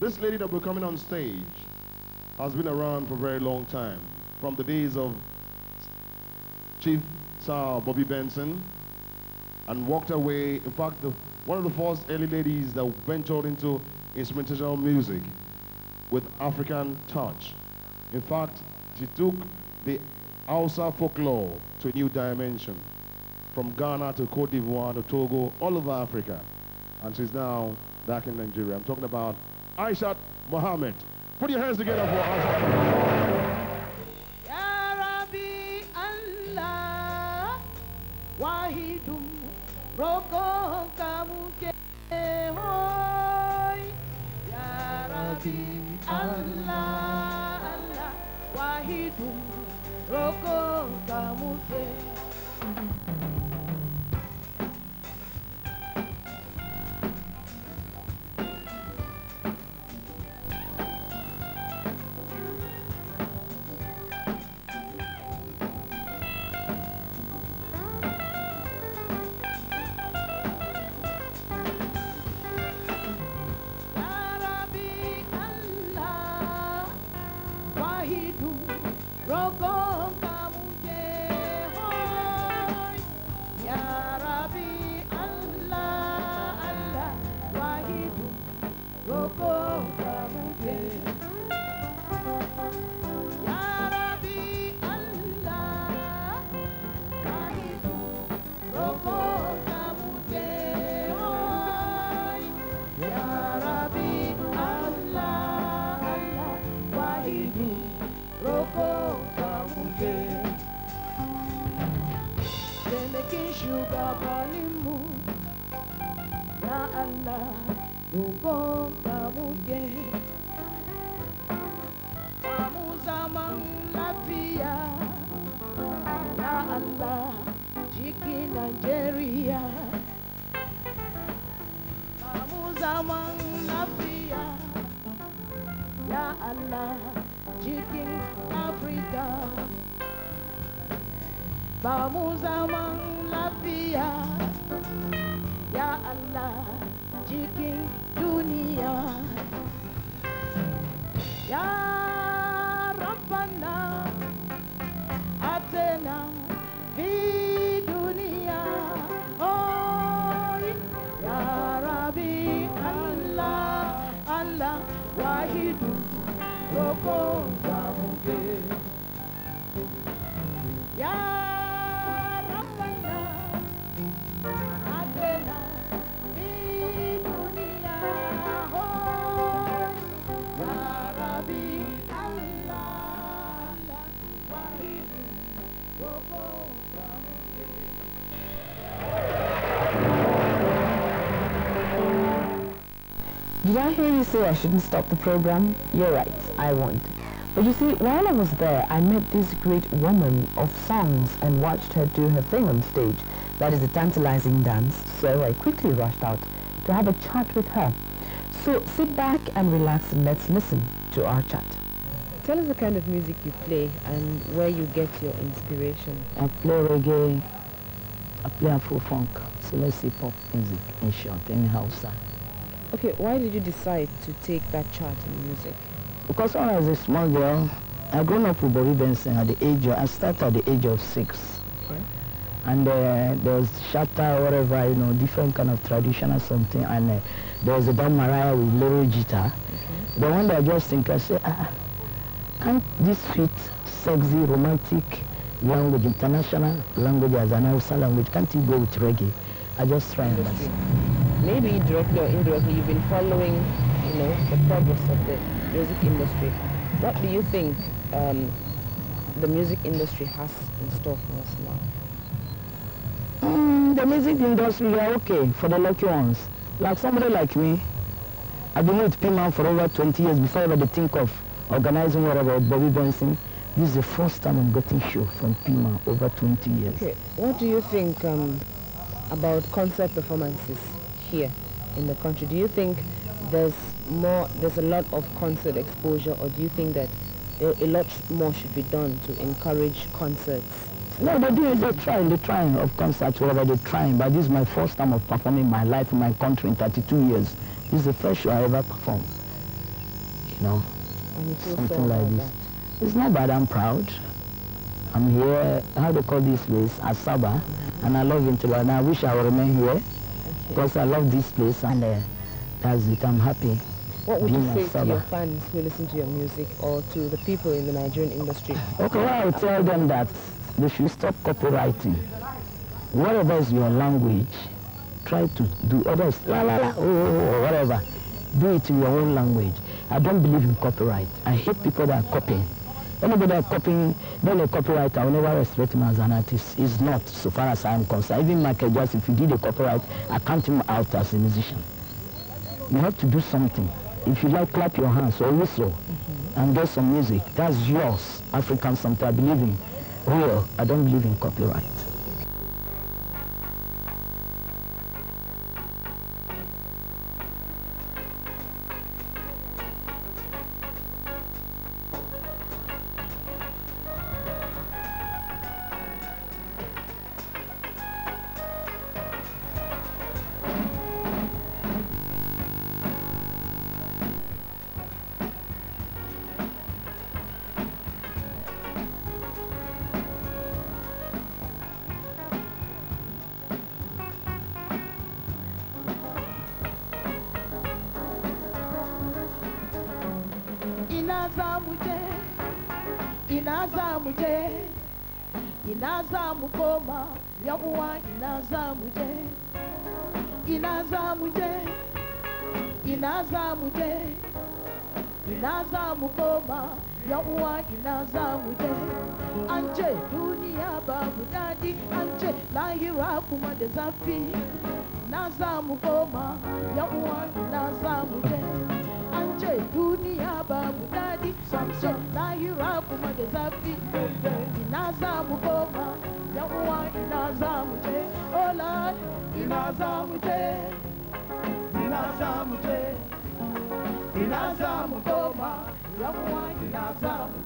This lady that will be coming on stage has been around for a very long time, from the days of Chief Sir Bobby Benson, and walked away, in fact, the, one of the first early ladies that ventured into instrumental music with African touch. In fact, she took the Hausa folklore to a new dimension, from Ghana to Cote d'Ivoire to Togo, all over Africa. And she's now back in Nigeria. I'm talking about Aishat Mohammed. Put your hands together for Aishat Ya Rabbi Allah, wahidum roko kamuke hoy. Ya Rabbi Allah, Allah, wahidum roko kamuke hoy. again. Taimakin shugabaninmu na Allah roƙon ka muke. Samu zaman lafiya na Allah cikin Najeriya. Samu zaman lafiya ya Allah cikin Afrika samu zaman lafiya ya Allah cikin dunia ya rabbana atena fi dunia oh ya rabbi Allah Allah wahidu roko ya muke ya did I hear you say I shouldn't stop the program? You're right, I won't. But you see, while I was there, I met this great woman of songs and watched her do her thing on stage. That is a tantalizing dance, so I quickly rushed out to have a chat with her. So sit back and relax and let's listen to our chat. Tell us the kind of music you play and where you get your inspiration. I play reggae, I play Afro-funk, so let's say pop music in short, in sir. Okay, why did you decide to take that chart in music? Because when I was a small girl, I grew up with Bobby Benson at the age of, I started at the age of six. Okay and uh, there's shatta whatever you know different kind of tradition or something and uh, there's a damariah with little guitar okay. the one that I just think I say ah, ah, can't this sweet sexy romantic language international language as an Hausa language can't it go with reggae I just try and maybe directly or indirectly you've been following you know the progress of the music industry what do you think um, the music industry has in store for us now the music industry, we are okay for the lucky ones. Like somebody like me, I've been with P-Man for over 20 years before I ever think of organizing whatever Bobby Benson. This is the first time I'm getting show from Pima over 20 years. Okay. What do you think um, about concert performances here in the country? Do you think there's more, there's a lot of concert exposure or do you think that a lot more should be done to encourage concerts? No, they do just trying, are trying of concert, whatever they're trying. But this is my first time of performing my life in my country in 32 years. This is the first show I ever performed. You know, you something like this. That. It's not bad, I'm proud. I'm here, how do you call this place? Asaba. Mm -hmm. And I love it and I wish I would remain here. Because I love this place and uh, that's it, I'm happy. What would you say Asaba. to your fans who listen to your music or to the people in the Nigerian industry? Okay, well, I would tell them that they should stop copywriting. Whatever is your language, try to do others, la la la, oh, oh, oh, whatever. Do it in your own language. I don't believe in copyright. I hate people that are copying. Anybody that copying, then a copyright, I will never respect him as an artist. It's not, so far as I'm concerned. Even Michael Jackson, if you did a copyright, I count him out as a musician. You have to do something. If you like, clap your hands or whistle mm -hmm. and get some music. That's yours, African something I believe in real. I don't believe in copyright. ina za mu je ina za mu je ina za mu koma yawwa ina za ina za ina za ina za mu koma yawwa ina za mu je an ce duniya babu daɗi an ce lahira kuma da zafi na za mu Anje yawwa ina za mu je an ce duniya babu daɗi samson na yi kuma da zafi ina za mu koma yan uwa ina za mu je ola ina za mu je ina za mu je ina za mu koma yan uwa ina za mu